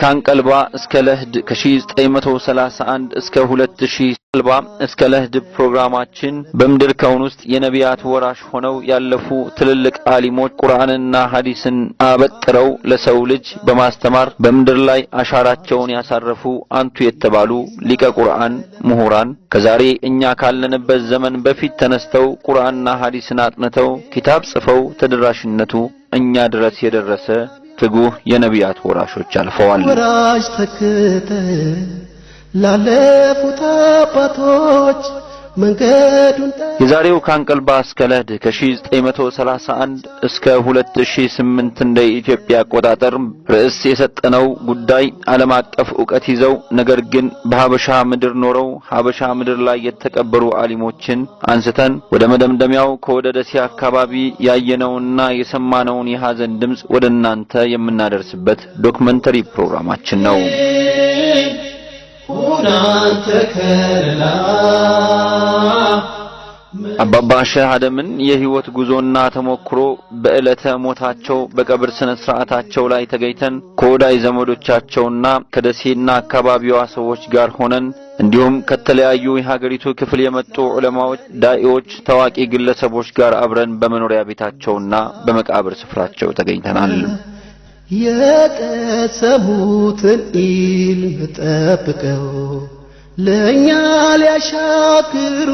ከአንቀልባ እስከ ለህድ ከ1931 እስከ 2000 እስከ ለህድ ፕሮግራማችን በምድር ከውን ውስጥ የነቢያት ወራሽ ሆነው ያለፉ ትልልቅ አሊሞች ቁርአንና ሐዲስን አበጥረው ለሰው ልጅ በማስተማር በምድር ላይ አሻራቸውን ያሳረፉ አንቱ የተባሉ ሊቀ ቁርአን ምሁራን ከዛሬ እኛ ካለንበት ዘመን በፊት ተነስተው ቁርአንና ሐዲስን አጥንተው ኪታብ ጽፈው ተደራሽነቱ እኛ ድረስ የደረሰ ትጉህ የነቢያት ወራሾች አልፈዋል። ወራሽ ተክተ ላለፉት አባቶች መንገዱን የዛሬው ካንቀልባ እስከ ለህድ ከ1931 እስከ 2008 እንደ ኢትዮጵያ አቆጣጠር ርዕስ የሰጠነው ጉዳይ ዓለም አቀፍ እውቀት ይዘው ነገር ግን በሀበሻ ምድር ኖረው ሀበሻ ምድር ላይ የተቀበሩ አሊሞችን አንስተን ወደ መደምደሚያው ከወደ ደሴ አካባቢ ያየነውና የሰማነውን የሐዘን ድምፅ ወደ እናንተ የምናደርስበት ዶክመንተሪ ፕሮግራማችን ነው። አባባ ሼህ አደምን የህይወት ጉዞና ተሞክሮ በዕለተ ሞታቸው በቀብር ስነ ስርዓታቸው ላይ ተገኝተን ከወዳጅ ዘመዶቻቸውና ከደሴና አካባቢዋ ሰዎች ጋር ሆነን እንዲሁም ከተለያዩ የሀገሪቱ ክፍል የመጡ ዑለማዎች፣ ዳኢዎች፣ ታዋቂ ግለሰቦች ጋር አብረን በመኖሪያ ቤታቸውና በመቃብር ስፍራቸው ተገኝተናል። የቀሰሙትን ኢል ጠብቀው ለእኛ ሊያሻግሩ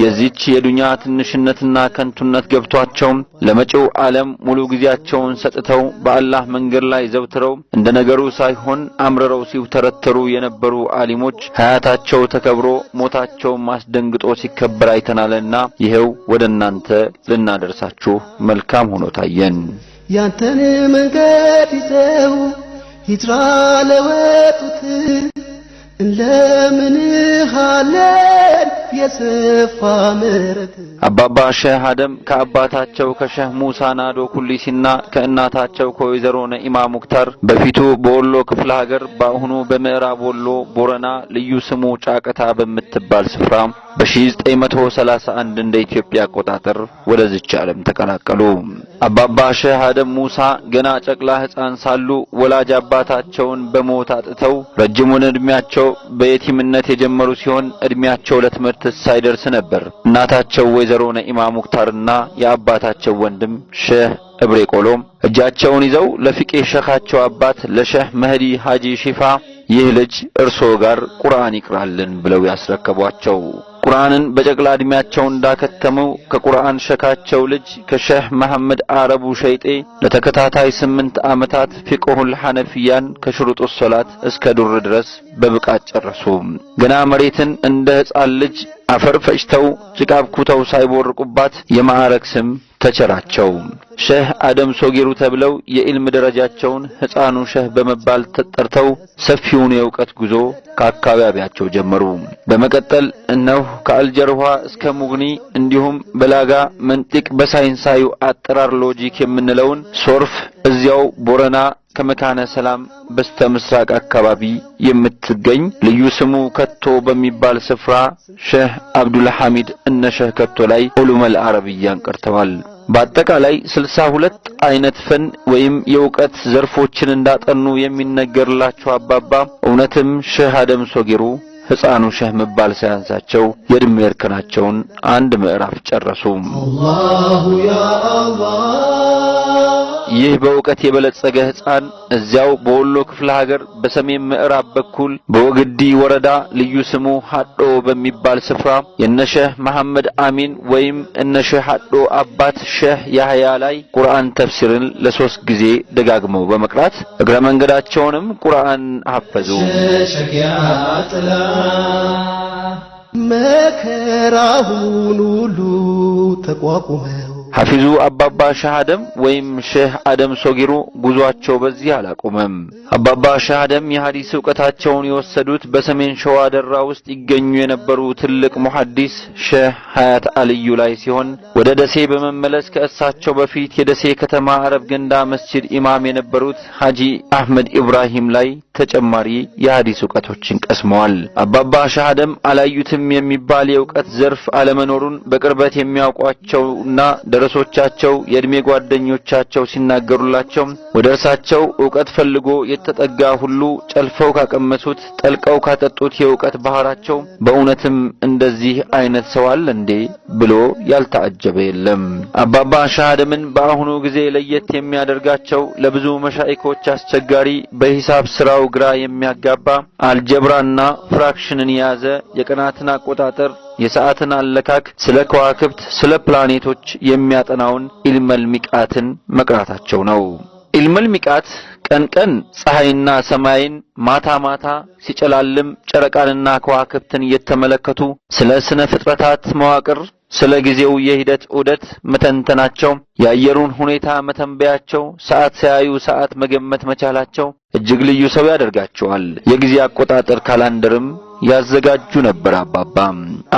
የዚች የዱኛ ትንሽነትና ከንቱነት ገብቷቸው ለመጪው ዓለም ሙሉ ጊዜያቸውን ሰጥተው በአላህ መንገድ ላይ ዘውትረው እንደ ነገሩ ሳይሆን አምርረው ሲውተረተሩ የነበሩ አሊሞች ሀያታቸው ተከብሮ ሞታቸው ማስደንግጦ ሲከበር አይተናልና ይኸው ወደ እናንተ ልናደርሳችሁ መልካም ሆኖ ታየን። ያንተን መንገድ ይዘው ሂጅራ ለወጡት እንለምንሃለን የሰፋ ምረት። አባባ ሸህ አደም ከአባታቸው ከሸህ ሙሳ ናዶ ኩሊሲና ከእናታቸው ከወይዘሮ ነኢማ ሙክታር በፊቱ በወሎ ክፍለ ሀገር በአሁኑ በምዕራብ ወሎ ቦረና ልዩ ስሙ ጫቀታ በምትባል ስፍራ በ1931 እንደ ኢትዮጵያ አቆጣጠር ወደዚች ዓለም ተቀላቀሉ። አባባ ሼህ አደም ሙሳ ገና ጨቅላ ሕፃን ሳሉ ወላጅ አባታቸውን በሞት አጥተው ረጅሙን ዕድሜያቸው በየቲምነት የጀመሩ ሲሆን እድሜያቸው ለትምህርት ሳይደርስ ነበር እናታቸው ወይዘሮ ነኢማ ሙክታርና የአባታቸው ወንድም ሼህ እብሬ ቆሎም እጃቸውን ይዘው ለፍቄ ሸካቸው አባት ለሼህ መህዲ ሐጂ ሺፋ ይህ ልጅ እርሶ ጋር ቁርአን ይቅራልን ብለው ያስረከቧቸው ቁርአንን በጨቅላ እድሜያቸው እንዳከተመው ከቁርአን ሸካቸው ልጅ ከሼህ መሐመድ አረቡ ሸይጤ ለተከታታይ ስምንት ዓመታት ፊቅሁል ሐነፊያን ከሽሩጡ ሶላት እስከ ዱር ድረስ በብቃት ጨረሱ። ገና መሬትን እንደ ሕፃን ልጅ አፈር ፈጭተው ጭቃብ ኩተው ሳይቦርቁባት የማዕረግ ስም ተቸራቸው። ሸህ አደም ሶጊሩ ተብለው የኢልም ደረጃቸውን ህፃኑ ሸህ በመባል ተጠርተው ሰፊውን የእውቀት ጉዞ ከአካባቢያቸው ጀመሩ። በመቀጠል እነሁ ከአልጀርኋ እስከ ሙግኒ እንዲሁም በላጋ መንጢቅ በሳይንሳዩ አጠራር ሎጂክ የምንለውን ሶርፍ እዚያው ቦረና ከመካነ ሰላም በስተ ምስራቅ አካባቢ የምትገኝ ልዩ ስሙ ከቶ በሚባል ስፍራ ሼህ አብዱል ሐሚድ እነ ሼህ ከቶ ላይ ዑሉመል አረብያን ቀርተዋል። በአጠቃላይ ስልሳ ሁለት አይነት ፈን ወይም የእውቀት ዘርፎችን እንዳጠኑ የሚነገርላቸው አባባ እውነትም ሸህ አደም ሶጊሩ ሕፃኑ ሸህ መባል ሳያንሳቸው የዕድሜ እርከናቸውን አንድ ምዕራፍ ጨረሱ። አላሁ ያ አላህ ይህ በእውቀት የበለጸገ ሕፃን እዚያው በወሎ ክፍለ ሀገር በሰሜን ምዕራብ በኩል በወግዲ ወረዳ ልዩ ስሙ ሀዶ በሚባል ስፍራ የነሸህ መሐመድ አሚን ወይም እነሸህ ሀዶ አባት ሸህ ያህያ ላይ ቁርአን ተፍሲርን ለሶስት ጊዜ ደጋግመው በመቅራት እግረ መንገዳቸውንም ቁርአን አፈዙ። መከራውን ሁሉ ተቋቁመው ሐፊዙ አባባ ሸህ አደም ወይም ሼህ አደም ሶጊሩ ጉዟቸው በዚህ አላቆመም። አባባ ሸህ አደም የሐዲስ እውቀታቸውን የወሰዱት በሰሜን ሸዋ ደራ ውስጥ ይገኙ የነበሩ ትልቅ ሙሐዲስ ሼህ ሐያት አልዩ ላይ ሲሆን ወደ ደሴ በመመለስ ከእሳቸው በፊት የደሴ ከተማ አረብ ገንዳ መስጂድ ኢማም የነበሩት ሐጂ አህመድ ኢብራሂም ላይ ተጨማሪ የሐዲስ እውቀቶችን ቀስመዋል። አባባ ሸህ አደም አላዩትም የሚባል የእውቀት ዘርፍ አለመኖሩን በቅርበት የሚያውቋቸውና ርዕሶቻቸው የእድሜ ጓደኞቻቸው ሲናገሩላቸው ወደ እርሳቸው ዕውቀት ፈልጎ የተጠጋ ሁሉ ጨልፈው ካቀመሱት ጠልቀው ካጠጡት የዕውቀት ባህራቸው በእውነትም እንደዚህ አይነት ሰው አለ እንዴ ብሎ ያልታጀበ የለም። አባባ ሻህደምን በአሁኑ ጊዜ ለየት የሚያደርጋቸው ለብዙ መሻይኮች አስቸጋሪ በሂሳብ ስራው ግራ የሚያጋባ አልጀብራና ፍራክሽንን የያዘ የቀናትን አቆጣጠር የሰዓትን አለካክ፣ ስለ ከዋክብት፣ ስለ ፕላኔቶች የሚያጠናውን ኢልመል ሚቃትን መቅራታቸው ነው። ኢልመል ሚቃት ቀን ቀን ፀሐይና ሰማይን፣ ማታ ማታ ሲጨላልም ጨረቃንና ከዋክብትን እየተመለከቱ ስለ ስነ ፍጥረታት መዋቅር ስለ ጊዜው የሂደት ዑደት መተንተናቸው፣ የአየሩን ሁኔታ መተንበያቸው፣ ሰዓት ሲያዩ ሰዓት መገመት መቻላቸው እጅግ ልዩ ሰው ያደርጋቸዋል። የጊዜ አቆጣጠር ካላንደርም ያዘጋጁ ነበር አባባ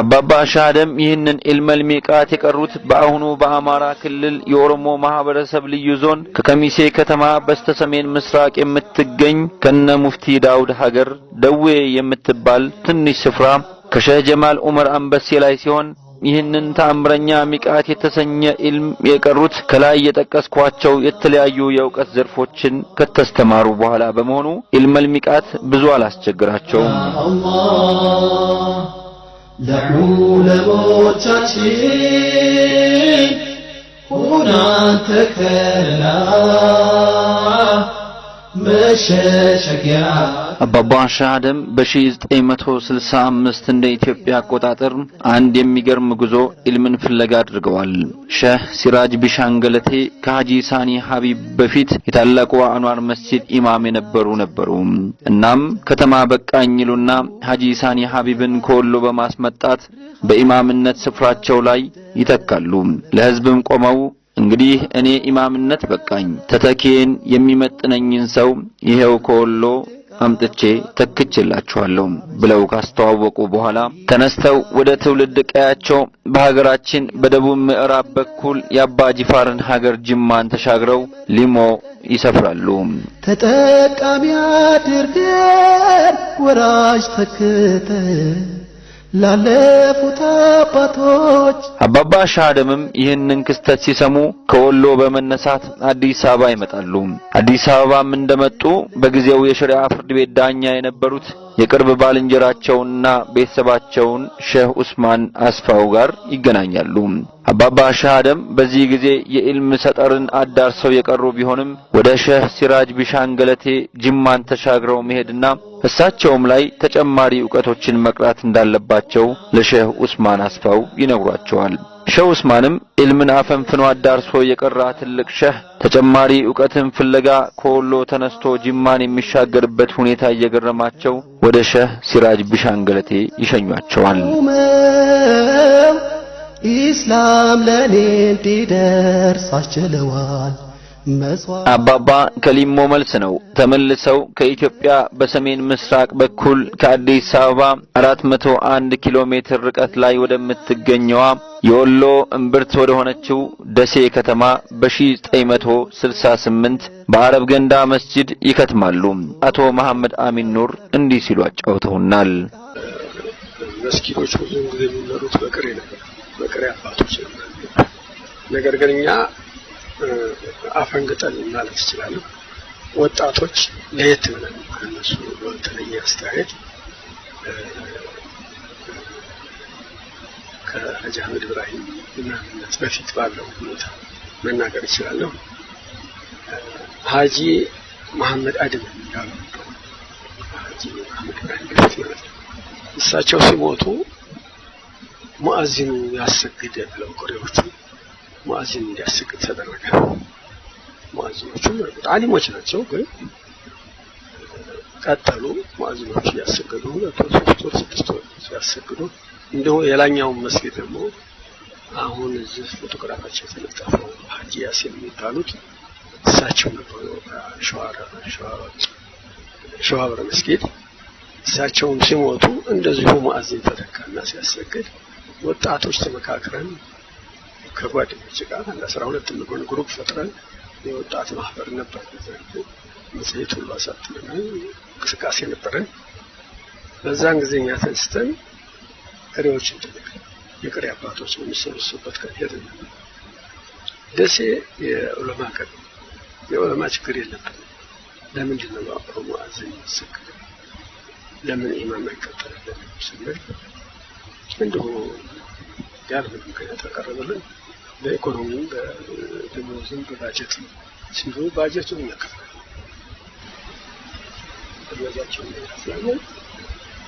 አባባ ሻደም ይህንን ኢልመል ሚቃት የቀሩት በአሁኑ በአማራ ክልል የኦሮሞ ማህበረሰብ ልዩ ዞን ከከሚሴ ከተማ በስተሰሜን ምስራቅ የምትገኝ ከነ ሙፍቲ ዳውድ ሀገር ደዌ የምትባል ትንሽ ስፍራ ከሸህ ጀማል ዑመር አንበሴ ላይ ሲሆን ይህንን ተአምረኛ ሚቃት የተሰኘ ኢልም የቀሩት ከላይ የጠቀስኳቸው የተለያዩ የእውቀት ዘርፎችን ከተስተማሩ በኋላ በመሆኑ ኢልመል ሚቃት ብዙ አላስቸግራቸውም። ለዑለሞቻችን ሁና ተከላ መሸሸጊያ አባባ አደም በ1965 እንደ ኢትዮጵያ አቆጣጠር አንድ የሚገርም ጉዞ ኢልምን ፍለጋ አድርገዋል። ሸህ ሲራጅ ቢሻንገለቴ ከሀጂ ሳኒ ሀቢብ በፊት የታላቁ አኗር መስጂድ ኢማም የነበሩ ነበሩ። እናም ከተማ በቃኝ ይሉና ሀጂ ሳኒ ሀቢብን ከወሎ በማስመጣት በኢማምነት ስፍራቸው ላይ ይተካሉ። ለህዝብም ቆመው እንግዲህ እኔ ኢማምነት በቃኝ፣ ተተኬን የሚመጥነኝን ሰው ይሄው ከወሎ አምጥቼ ተክቼላችኋለሁ ብለው ካስተዋወቁ በኋላ ተነስተው ወደ ትውልድ ቀያቸው በሀገራችን በደቡብ ምዕራብ በኩል የአባ ጂፋርን ሀገር ጅማን ተሻግረው ሊሞ ይሰፍራሉ። ተጠቃሚ አድርገን ወራሽ ተክተን ላለፉት አባቶች አባባ ሻደምም ይህንን ክስተት ሲሰሙ ከወሎ በመነሳት አዲስ አበባ ይመጣሉ። አዲስ አበባም እንደመጡ በጊዜው የሸሪዓ ፍርድ ቤት ዳኛ የነበሩት የቅርብ ባልንጀራቸውና ቤተሰባቸውን ሼህ ኡስማን አስፋው ጋር ይገናኛሉ። አባባ ሻደም በዚህ ጊዜ የኢልም ሰጠርን አዳርሰው የቀሩ ቢሆንም ወደ ሼህ ሲራጅ ቢሻንገለቴ ጅማን ተሻግረው መሄድና እሳቸውም ላይ ተጨማሪ እውቀቶችን መቅራት እንዳለባቸው ለሼህ ኡስማን አስፋው ይነግሯቸዋል። ሼህ ኡስማንም ኢልምን አፈንፍኖ አዳርሶ የቀራ ትልቅ ሼህ ተጨማሪ እውቀትን ፍለጋ ከወሎ ተነስቶ ጅማን የሚሻገርበት ሁኔታ እየገረማቸው ወደ ሼህ ሲራጅ ቢሻንገለቴ ይሸኟቸዋል። ኢስላም ለኔ እንዲደርስ አስችለዋል። አባባ ከሊሞ መልስ ነው። ተመልሰው ከኢትዮጵያ በሰሜን ምስራቅ በኩል ከአዲስ አበባ 401 ኪሎ ሜትር ርቀት ላይ ወደምትገኘዋ የወሎ እምብርት ወደ ሆነችው ደሴ ከተማ በ1968 በአረብ ገንዳ መስጂድ ይከትማሉ። አቶ መሐመድ አሚን ኑር እንዲህ ሲሉ አጫውተውናል። መስጊዶች ሁሉ የሚመሩት በቅሬ ነበር፣ በቅሬ አባቶች ነበር። ነገር ግን እኛ አፈንግጠን ማለት ይችላሉ። ወጣቶች ለየት ብለን ከነሱ በተለየ አስተያየት ከሀጂ አህመድ ኢብራሂም ኢማምነት በፊት ባለው ሁኔታ መናገር ይችላለሁ። ሀጂ መሐመድ አድም የሚባሉ ሀጂ መሐመድ ኢብራሂም በፊት ማለት ነው። እሳቸው ሲሞቱ ሙአዚኑ ያሰግድ ብለው ቆሬዎቹ ሙአዚን እንዲያስቅ ተደረገ። ሙአዚኖቹም እርግጥ ናቸው፣ ግን ቀጠሉ። ሙአዚኖቹ ያሰገዱ ሁለት ወር፣ ሶስት ወር፣ ስድስት ወር ያሰግዱ። እንዲሁ የላኛውን መስጊድ ደግሞ አሁን እዚህ ፎቶግራፋቸው የተለጠፈው ሀጂ ያሲን የሚባሉት እሳቸው ነበሩ። ሸዋበር መስጊድ እሳቸውም ሲሞቱ እንደዚሁ ሙአዚን ተተካና ሲያሰግድ ወጣቶች ተመካክረን ከጓደኞች ጋር ለአስራ ሁለት የሚሆን ግሩፕ ፈጥረን የወጣት ማህበር ነበር። መጽሔት ሁሉ አሳትመን እንቅስቃሴ ነበረን። በዛን ጊዜ እኛ ተንስተን ቅሬዎች እንጠለቅ የቅሬ አባቶች የሚሰበሰቡበት ቀን ሄድን። ደሴ የዑለማ ቀን የዑለማ ችግር የለብን። ለምንድን ነው አብሮሞ አዘኝ ይሰግድ ለምን ኢማም አይቀጠልልን ስንል እንዲሁ ያልምን ምክንያት አቀረበልን። በኢኮኖሚ በደሞዝም በባጀት ሲሉ ባጀቱን እናከፍላለን። እድሜያቸውን እናከፍላለን።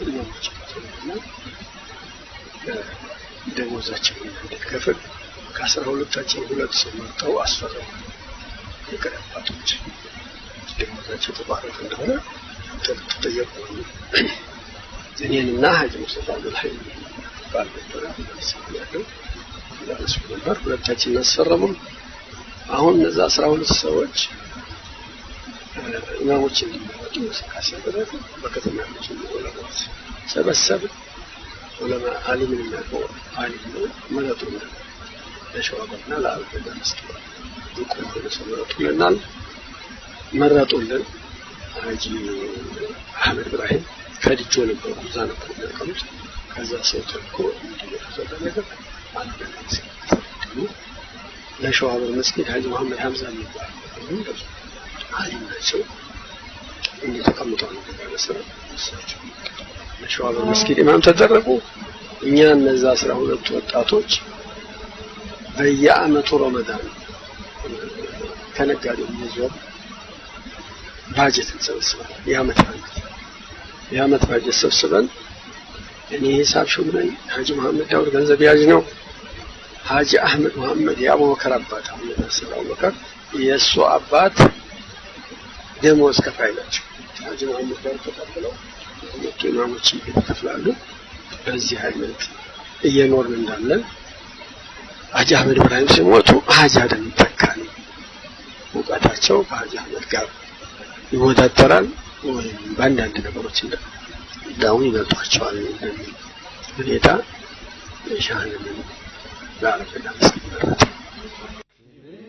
እድሜያቸውንና ደሞዛችንን እንድንከፍል ከአስራ ሁለታችን ሁለት ሰው መርጠው አስፈረው የቀሪ አባቶች ደሞዛቸው ተቋረጠ እንደሆነ ተጠየቁ። እኔንና ሀጅ ሙሰፋ ሀይል ባልነበረ ያለው ያደረሱ ነበር። ሁለታችን እናስፈረሙም። አሁን እነዚ አስራ ሁለት ሰዎች ኢማሞች እንዲመረጡ እንቅስቃሴ ያደረገ በከተማ ያለች ዑለማዎች ሰበሰብ ለማ አሊምን የሚያውቀው አሊም ነው መረጡ ለሸዋጎና ለአልገዳ መስተዋል ብቁ የሆነ ሰው መረጡልናል መረጡልን ሀጂ አህመድ ኢብራሂም ከድጆ ነበሩ እዛ ነበር የሚያቀሩት ከዛ ሰው ተልኮ እንዲመጡ ተደረገ ለሸዋበር መስጊድ ሀጂ መሐመድ ሀምዛ የሚባል ሀጂ ናቸው። እንዲህ ተቀምጠው ነው መሰለህ ለሸዋበር መስጊድ ኢማም ተደረጉ። እኛ እነዛ አስራ ሁለቱ ወጣቶች በየአመቱ ረመዳን ከነጋዴው እየዞር ባጀት እንሰበስባለን። የአመት ባጀት የአመት ባጀት ሰብስበን እኔ የሂሳብ ሹም ነኝ። ሀጂ መሐመድ ዳውድ ገንዘብ ያዥ ነው። ሀጂ አህመድ መሐመድ የአቡበከር አባት አሁን የመሰለ አቡበከር የእሱ አባት ደሞዝ ከፋይ ናቸው። ሀጂ መሐመድ ዳውድ ተቀብለው የመጡ ኢማሞች ይከፍላሉ። በዚህ አይነት እየኖርን እንዳለን ሀጂ አህመድ ኢብራሂም ሲሞቱ ሀጂ አደም ተካኒ እውቀታቸው ከሀጂ አህመድ ጋር ይወዳደራል ወይም በአንዳንድ ነገሮች እንደ ዳውን ይበልጣቸዋል ሁኔታ ሻህንምን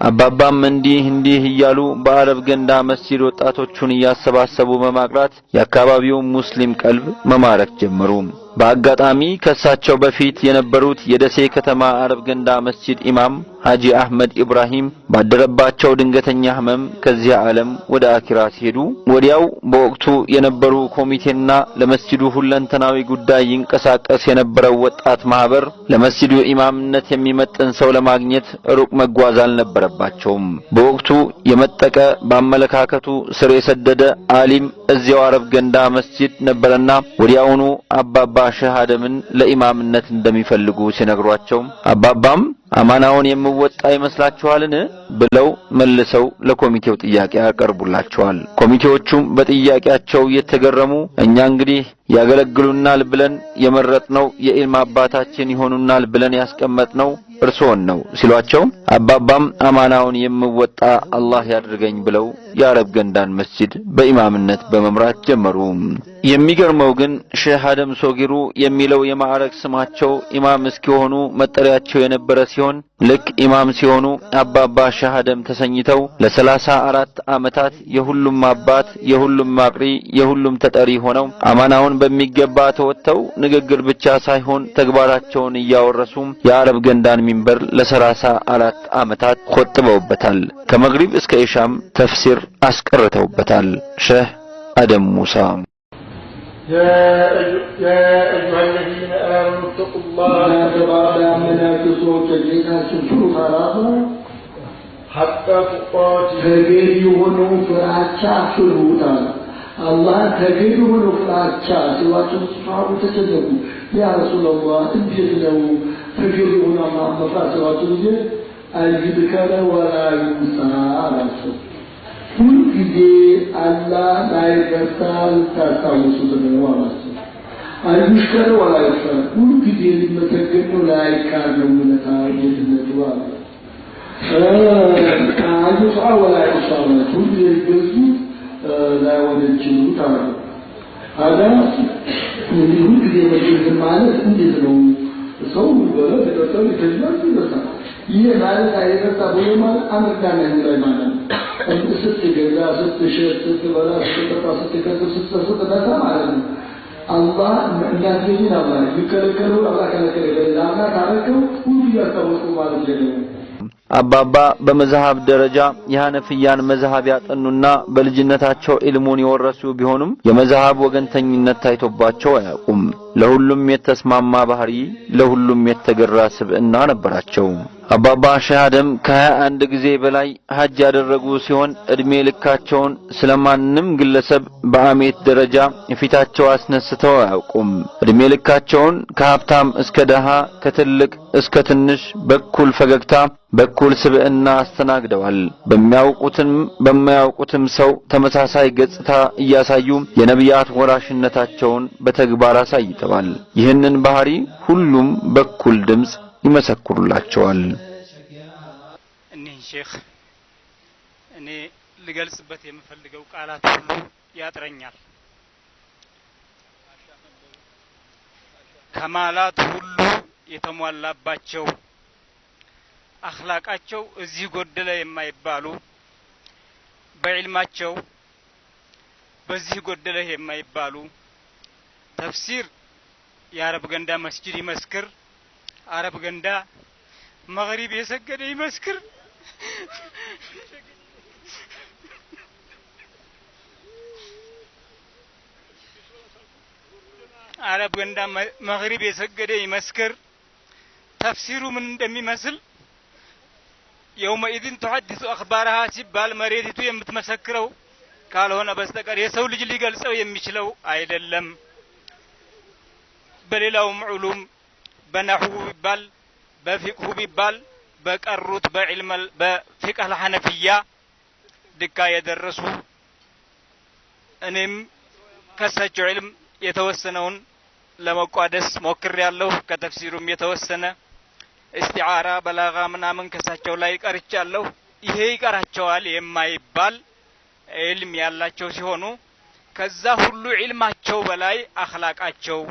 አባባም እንዲህ እንዲህ እያሉ በአረብ ገንዳ መስጂድ ወጣቶቹን እያሰባሰቡ በማቅራት የአካባቢውን ሙስሊም ቀልብ መማረክ ጀመሩ። በአጋጣሚ ከእሳቸው በፊት የነበሩት የደሴ ከተማ አረብ ገንዳ መስጂድ ኢማም ሐጂ አህመድ ኢብራሂም ባደረባቸው ድንገተኛ ህመም ከዚያ ዓለም ወደ አኪራ ሲሄዱ ወዲያው በወቅቱ የነበሩ ኮሚቴና ለመስጂዱ ሁለንተናዊ ጉዳይ ይንቀሳቀስ የነበረው ወጣት ማህበር ለመስጂዱ ኢማምነት የሚመጥን ሰው ለማግኘት ሩቅ መጓዝ አልነበረባቸውም። በወቅቱ የመጠቀ በአመለካከቱ ስር የሰደደ አሊም እዚያው አረብ ገንዳ መስጂድ ነበረና ወዲያውኑ አባባ ሸህ አደምን ለኢማምነት እንደሚፈልጉ ሲነግሯቸው አባባም አማናውን የምወጣ ይመስላችኋልን ብለው መልሰው ለኮሚቴው ጥያቄ ያቀርቡላቸዋል። ኮሚቴዎቹም በጥያቄያቸው እየተገረሙ እኛ እንግዲህ ያገለግሉናል ብለን የመረጥነው የኢልም አባታችን ይሆኑናል ብለን ያስቀመጥነው እርስዎን ነው ሲሏቸው አባባም አማናውን የምወጣ አላህ ያድርገኝ ብለው የአረብ ገንዳን መስጂድ በኢማምነት በመምራት ጀመሩ። የሚገርመው ግን ሼህ አደም ሶጊሩ የሚለው የማዕረግ ስማቸው ኢማም እስኪሆኑ መጠሪያቸው የነበረ ሲሆን ልክ ኢማም ሲሆኑ አባባ ሼህ አደም ተሰኝተው ለሰላሳ አራት ዓመታት የሁሉም አባት፣ የሁሉም ማቅሪ፣ የሁሉም ተጠሪ ሆነው አማናውን በሚገባ ተወጥተው ንግግር ብቻ ሳይሆን ተግባራቸውን እያወረሱም የአረብ ገንዳን ሚንበር ለሰላሳ አራት ዓመታት ቆጥበውበታል። ከመግሪብ እስከ ኢሻም ተፍሲር አስቀርተውበታል። ሼህ አደም ሙሳ يا أيها الذين آمنوا اتقوا الله حتى تقاتل تغير يغنو فراتشا سلوطا الله تغير يغنو فراتشا سواتم صحابه تتدقوا يا رسول الله انجز له تغير يغنو الله مفاتوات الجن ولا ينسى على ሁልጊዜ አላህ ላይረሳል ታስታውሱት ነው ማለት ነው። አይሽከር ወላይፈር ሁልጊዜ ሊመሰገን ነው ላይካር ነው ውለታ ጌትነቱ አለ አይፋ ወላይፋ ሁልጊዜ ሊገዙ ላይወደችሉት አለ አዳ እንግዲህ ሁልጊዜ መገዝ ማለት እንዴት ነው? ሰው በተጠሰብ ይገዛል ይረሳል። ይህ ማለት አይረሳ ብሎ ማለት አመርዳና ላይ ማለት ነው ስትገዛ፣ ስትሸጥ፣ ስትበላ፣ ስትጠጣ፣ ስትከትብ፣ ማለት ነው። እንዳትገኝን ከለከለ ሁሉ እያስታወቁ ማለት አባባ በመዛሃብ ደረጃ የሐነፍያን መዛሃብ ያጠኑና በልጅነታቸው ኢልሙን የወረሱ ቢሆኑም የመዛሃብ ወገንተኝነት ታይቶባቸው አያውቁም። ለሁሉም የተስማማ ባህሪ፣ ለሁሉም የተገራ ስብዕና ነበራቸው። አባባ ሼህ አደም ከ21 ጊዜ በላይ ሐጅ ያደረጉ ሲሆን እድሜ ልካቸውን ስለማንም ግለሰብ በአሜት ደረጃ ፊታቸው አስነስተው አያውቁም። እድሜ ልካቸውን ከሀብታም እስከ ደሃ፣ ከትልቅ እስከ ትንሽ በኩል ፈገግታ በኩል ስብዕና አስተናግደዋል። በሚያውቁትም በማያውቁትም ሰው ተመሳሳይ ገጽታ እያሳዩ የነቢያት ወራሽነታቸውን በተግባር አሳይተዋል። ያቀርባል። ይህንን ባህሪ ሁሉም በኩል ድምጽ ይመሰክሩላቸዋል። እኒህን ሼክ እኔ ልገልጽበት የምፈልገው ቃላት ሁሉ ያጥረኛል። ከማላት ሁሉ የተሟላባቸው አኽላቃቸው እዚህ ጎደለ የማይባሉ በዕልማቸው በዚህ ጎደለ የማይባሉ ተፍሲር የአረብ ገንዳ መስጂድ ይመስክር፣ አረብ ገንዳ መግሪብ የሰገደ ይመስክር። አረብ ገንዳ መግሪብ የሰገደ ይመስክር። ተፍሲሩ ምን እንደሚመስል የውመኢዝን ተሐዲሱ አክባራሃ ሲባል መሬቲቱ የምትመሰክረው ካልሆነ በስተቀር የሰው ልጅ ሊገልጸው የሚችለው አይደለም። በሌላውም ዑሉም በናሕው ቢባል በፊቅሁ ቢባል በቀሩት በፊቅህ ልሐነፍያ ድካ የደረሱ እኔም ከሳቸው ዕልም የተወሰነውን ለመቋደስ ሞክር ያለሁ ከተፍሲሩም የተወሰነ እስቲዓራ በላጋ ምናምን ከሳቸው ላይ ቀርቻለሁ። ይሄ ይቀራቸዋል የማይባል ዕልም ያላቸው ሲሆኑ ከዛ ሁሉ ዕልማቸው በላይ አኽላቃቸው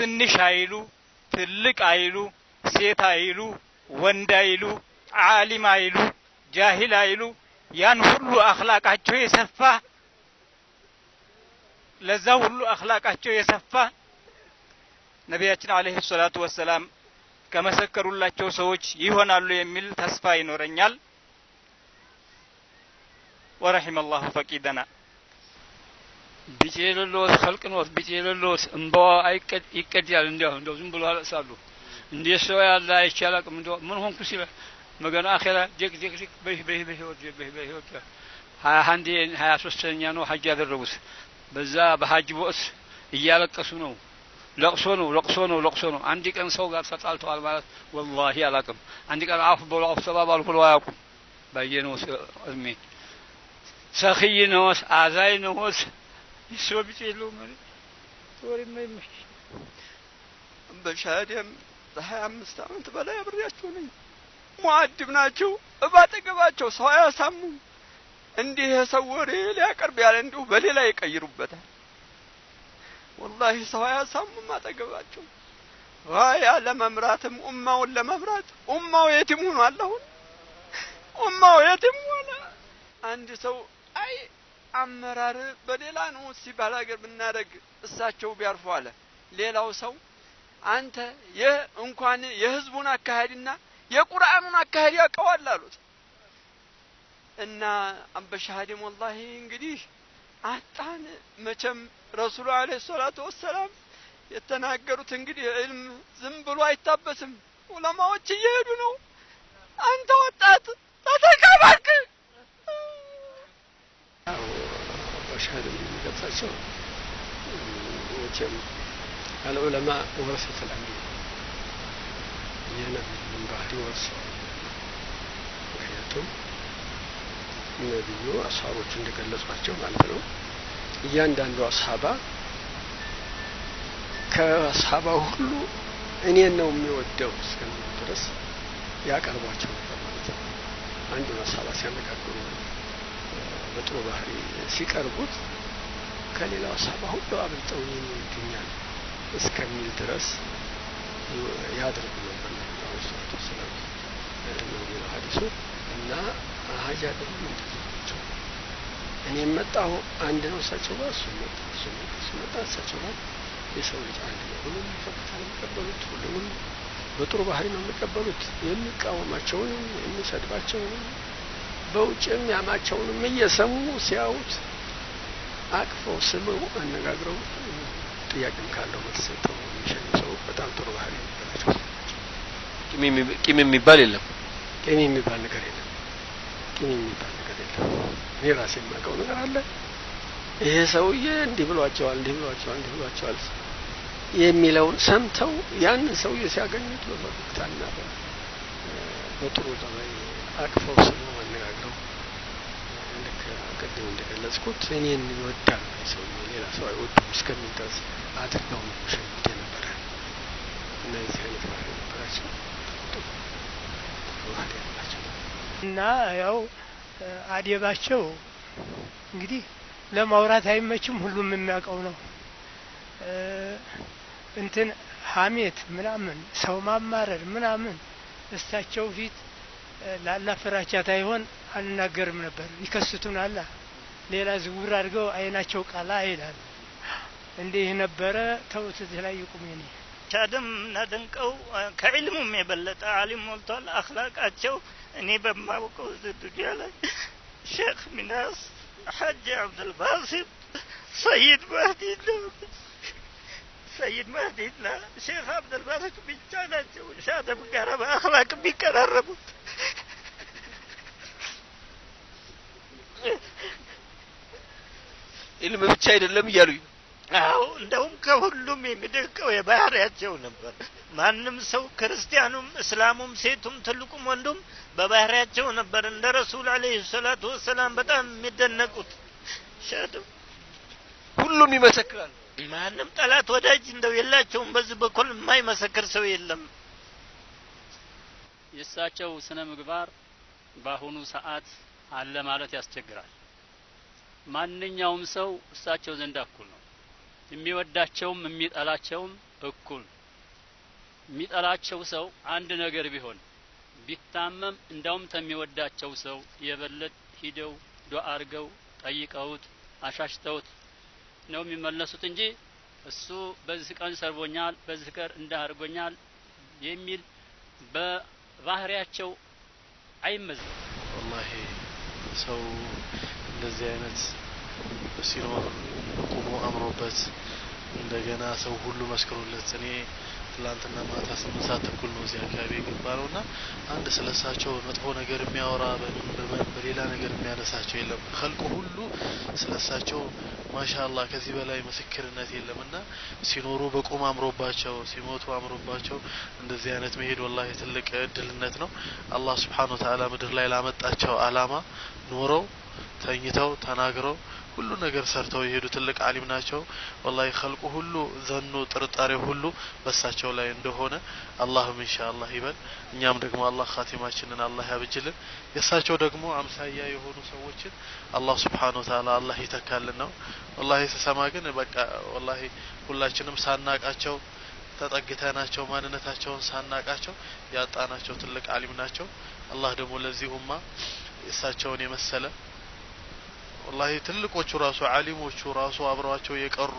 ትንሽ አይሉ፣ ትልቅ አይሉ፣ ሴት አይሉ፣ ወንድ አይሉ፣ አሊም አይሉ፣ ጃሂል አይሉ፣ ያን ሁሉ አኽላቃቸው የሰፋ ለዛ ሁሉ አኽላቃቸው የሰፋ ነቢያችን አለይሂ ሰላቱ ወሰላም ከመሰከሩላቸው ሰዎች ይሆናሉ የሚል ተስፋ ይኖረኛል። ወረሒመ ላሁ ፈቂደና ቢጤ የሌለዎት ኸልቅ ኖት ቢጤ የሌለዎት እምባዋ ይቀዳል። እንዲሁ እንደው ዝም ብሎ ያለቅሳሉ። እንዴት ሰው ያለ አይቼ አላውቅም። እንደ ምን ሆንኩ ሲለ መገና አኼራ ዴቅ ዴቅ ዴቅ በህ በህ በህ ወደ በህ በህ ወደ ሀያ አንድ ሀያ ሶስተኛ ነው ሀጅ ያደረጉት። በዛ በሀጅ ወቅት እያለቀሱ ነው። ለቅሶ ነው ለቅሶ ነው ለቅሶ ነው። አንድ ቀን ሰው ጋር ተጣልተዋል ማለት ወላሂ አላውቅም። አንድ ቀን አፍ በሎ አፍ ተባባሉ ብሎ አያውቁም። ባየነው እድሜ ሰኽይ ነዎት አዛይ ነዎት ሰው የሰው የለውም ማለት ወሬማ ይመሽ በሻዲያም በሀያ አምስት አመት በላይ አብሬያቸው ነኝ። ሙአድብ ናቸው። እባጠገባቸው ሰው አያሳሙም። እንዲህ የሰው ወሬ ሊያቀርብ ያለ እንዲሁ በሌላ ይቀይሩበታል። ወላሂ ሰው አያሳሙም አጠገባቸው ያ ለመምራትም ኡማውን ለመምራት ኡማው የትም ሆኗል። አሁን ኡማው የትም ሆነ አንድ ሰው አይ አመራር በሌላ ነው ሲባል ሀገር ብናደርግ እሳቸው ቢያርፉ አለ ሌላው ሰው አንተ እንኳን የህዝቡን አካሄድና የቁርአኑን አካሄድ ያውቀዋል አሉት እና አበሻሃዲም ወላሂ እንግዲህ አጣን መቼም ረሱሉ አለይሂ ሰላቱ ወሰላም የተናገሩት እንግዲህ እልም ዝም ብሎ አይታበስም ዑለማዎች እየሄዱ ነው አንተ ወጣት ተተካባክ አይደለም የሚገልጻቸው። መቼም አልዑለማ ወረሰቱል አንቢያ የነቢዩን ባህሪ ወርሰዋል። ምክንያቱም ነቢዩ አስሀቦቹ እንደገለጿቸው ማለት ነው እያንዳንዱ አስሀባ ከአስሀባ ሁሉ እኔን ነው የሚወደው እስከሚሉ ድረስ ያቀርቧቸው ነበር ማለት ነው። አንዱን አስሀባ ሲያነጋግሩ በጥሩ ባህሪ ሲቀርቡት ከሌላው ሳባ ሁሉ አብልጠው ይገኛል እስከሚል ድረስ ያድርጉ ነበር ነቢዩ ሰለላሁ ዐለይሂ ወሰለም ሀዲሱ እና ሀጅ ያደረጉ እንደዚህ እኔ እኔም መጣሁ አንድ ነው እሳቸው ጋር፣ እሱ መጣ እሱ መጣ እሱ መጣ እሳቸው ጋር። የሰው ልጅ አንድ ነው። ሁሉም ፈቅታ የሚቀበሉት። ሁሉም በጥሩ ባህሪ ነው የሚቀበሉት። የሚቃወማቸውንም የሚሰድባቸውንም በውጭም ያማቸውንም እየሰሙ ሲያዩት አቅፈው ስመው አነጋግረው ጥያቄም ካለው መተሰጠው የሚሸኙ ሰው በጣም ጥሩ ባህል የሚበላቸው ቂም የሚባል የለም። ቂም የሚባል ነገር የለም። ቂም የሚባል ነገር የለም። እኔ ራሴ የማውቀው ነገር አለ። ይሄ ሰውዬ እንዲህ ብሏቸዋል፣ እንዲህ ብሏቸዋል፣ እንዲህ ብሏቸዋል የሚለውን ሰምተው ያንን ሰውዬ ሲያገኙት በፈገግታና በጥሩ ጠባይ አቅፈው ስሙ አነጋግረው ልክ ቅድም እንደገለጽኩት እኔን ይወዳል ሰው ሌላ ሰው አይወዱም እስከሚል ድረስ አድርገው ነው ሸሚት የነበረ እነዚህ አይነት ባህል ነበራቸው ባህል ያላቸው እና ያው አዴባቸው እንግዲህ ለማውራት አይመችም። ሁሉም የሚያውቀው ነው። እንትን ሀሜት ምናምን ሰው ማማረር ምናምን እሳቸው ፊት ለአላህ ፍራቻ ታይሆን አንናገርም ነበር። ይከስቱን አላ ሌላ ዝውር አድርገው አይናቸው ቃላ ይላል። እንዲህ ነበረ ተውት ላይ ይቁም የኔ ቻደም እናደንቀው ከዕልሙም የበለጠ አሊም ሞልቷል። አክላቃቸው እኔ በማውቀው ዱንያ ላይ ሼክ ሚናስ ሐጂ አብዱልባሲጥ ሰይድ ባህዲ ነው። ሰይድ መህዲና ሼክ አብደልባሰት ብቻ ናቸው ሻደም ጋር በአክላቅ የሚቀራረቡት። ኢልም ብቻ አይደለም እያሉኝ ነው። አዎ እንደውም ከሁሉም የሚደንቀው የባህሪያቸው ነበር። ማንም ሰው ክርስቲያኑም፣ እስላሙም፣ ሴቱም፣ ትልቁም ወንዱም በባህሪያቸው ነበር እንደ ረሱል አለይሂ ሰላቱ ወሰላም በጣም የሚደነቁት። ሻደም ሁሉም ይመሰክራል። ማንም ጠላት ወዳጅ እንደው የላቸውም። በዚህ በኩል የማይመሰክር ሰው የለም። የእሳቸው ስነ ምግባር በአሁኑ ሰዓት አለ ማለት ያስቸግራል። ማንኛውም ሰው እሳቸው ዘንድ እኩል ነው። የሚወዳቸውም የሚጠላቸውም እኩል። የሚጠላቸው ሰው አንድ ነገር ቢሆን ቢታመም እንዳውም ተሚወዳቸው ሰው የበለጥ ሂደው ዱዓ አድርገው ጠይቀውት አሻሽተውት ነው የሚመለሱት እንጂ እሱ በዚህ ቀን ሰርቦኛል፣ በዚህ ቀን እንዳርጎኛል የሚል በባህሪያቸው አይመዝ ወላሂ ሰው እንደዚህ አይነት ሲኖር ቁሞ አምሮበት እንደገና ሰው ሁሉ መስክሮለት እኔ ትላንትና ማታ ስምንት ሰዓት ተኩል ነው እዚህ አካባቢ የገባነው እና አንድ ስለሳቸው መጥፎ ነገር የሚያወራ በሌላ ነገር የሚያነሳቸው የለም። ከልቁ ሁሉ ስለሳቸው ማሻአላህ ከዚህ በላይ ምስክርነት የለም እና ሲኖሩ በቁም አምሮባቸው ሲሞቱ አምሮባቸው እንደዚህ አይነት መሄድ ወላሂ ትልቅ እድልነት ነው። አላህ ስብሓን ወተዓላ ምድር ላይ ላመጣቸው አላማ ኖረው ተኝተው ተናግረው ሁሉ ነገር ሰርተው የሄዱ ትልቅ አሊም ናቸው። ወላሂ ከልቁ ሁሉ ዘኑ ጥርጣሬ ሁሉ በሳቸው ላይ እንደሆነ አላህም ኢንሻአላህ ይበል። እኛም ደግሞ አላህ ኻቲማችንን አላህ ያብጅልን። የእሳቸው ደግሞ አምሳያ የሆኑ ሰዎችን አላህ ሱብሓነሁ ወተዓላ አላህ ይተካልን ነው። ወላሂ ስሰማ ግን በቃ ወላ ሁላችንም ሳናቃቸው ተጠግተናቸው ማንነታቸውን ሳናቃቸው ያጣናቸው ትልቅ አሊም ናቸው። አላህ ደግሞ ለዚህ ኡማ እሳቸውን የመሰለ ወላሂ ትልቆቹ ራሱ አሊሞቹ ራሱ አብረዋቸው የቀሩ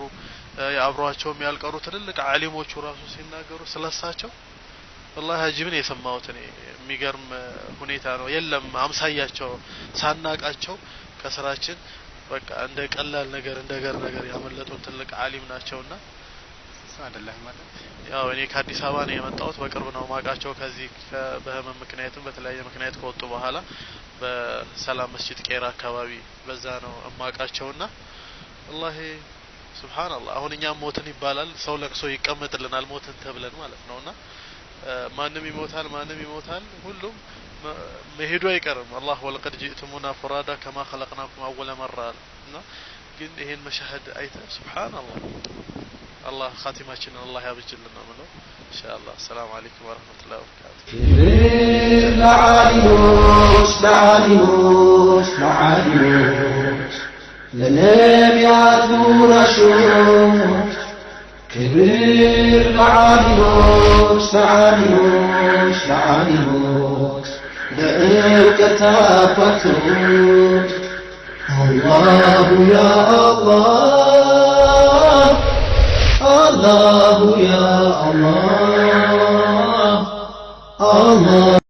አብረዋቸውም ያልቀሩ ትልልቅ አሊሞቹ ራሱ ሲናገሩ ስለሳቸው ወላሂ አጂብን የሰማሁት እኔ የሚገርም ሁኔታ ነው። የለም አምሳያቸው ሳናቃቸው ከስራችን በቃ እንደ ቀላል ነገር እንደ ገር ነገር ያመለጡን ትልቅ አሊም ናቸውና አይደለም ያው እኔ ከአዲስ አበባ ነው የመጣሁት። በቅርብ ነው ማቃቸው ከዚህ በህመም ምክንያትም በተለያየ ምክንያት ከወጡ በኋላ በሰላም መስጂድ ቄራ አካባቢ በዛ ነው እማቃቸውና ወላሂ ሱብሃንአላህ አሁን እኛም ሞትን ይባላል ሰው ለቅሶ ይቀመጥልናል ሞትን ተብለን ማለት ነውና ማንም ይሞታል ማንም ይሞታል ሁሉም መሄዱ አይቀርም አላህ ወለቀድ ጂእቱሙና ፉራዳ ከማ ኸለቅናኩም አወለ መራ ግን ይሄን መሻህድ አይተ ሱብሃንአላህ الله خاتمة شنو الله لنا منه إن شاء الله السلام عليكم ورحمة الله وبركاته معادنوش معاليوش معادنوش لنا بيعاتنا شوش كبير معادنوش معادنوش معاليوش دقيق كتابتوش الله يا الله الله يا الله الله